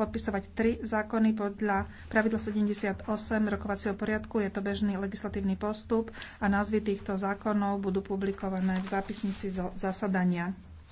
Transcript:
podpisovať tri zákony podľa pravidla 78 rokovacieho poriadku. Je to bežný legislatívny postup a názvy týchto zákonov budú publikované v zápisnici zo zasadania.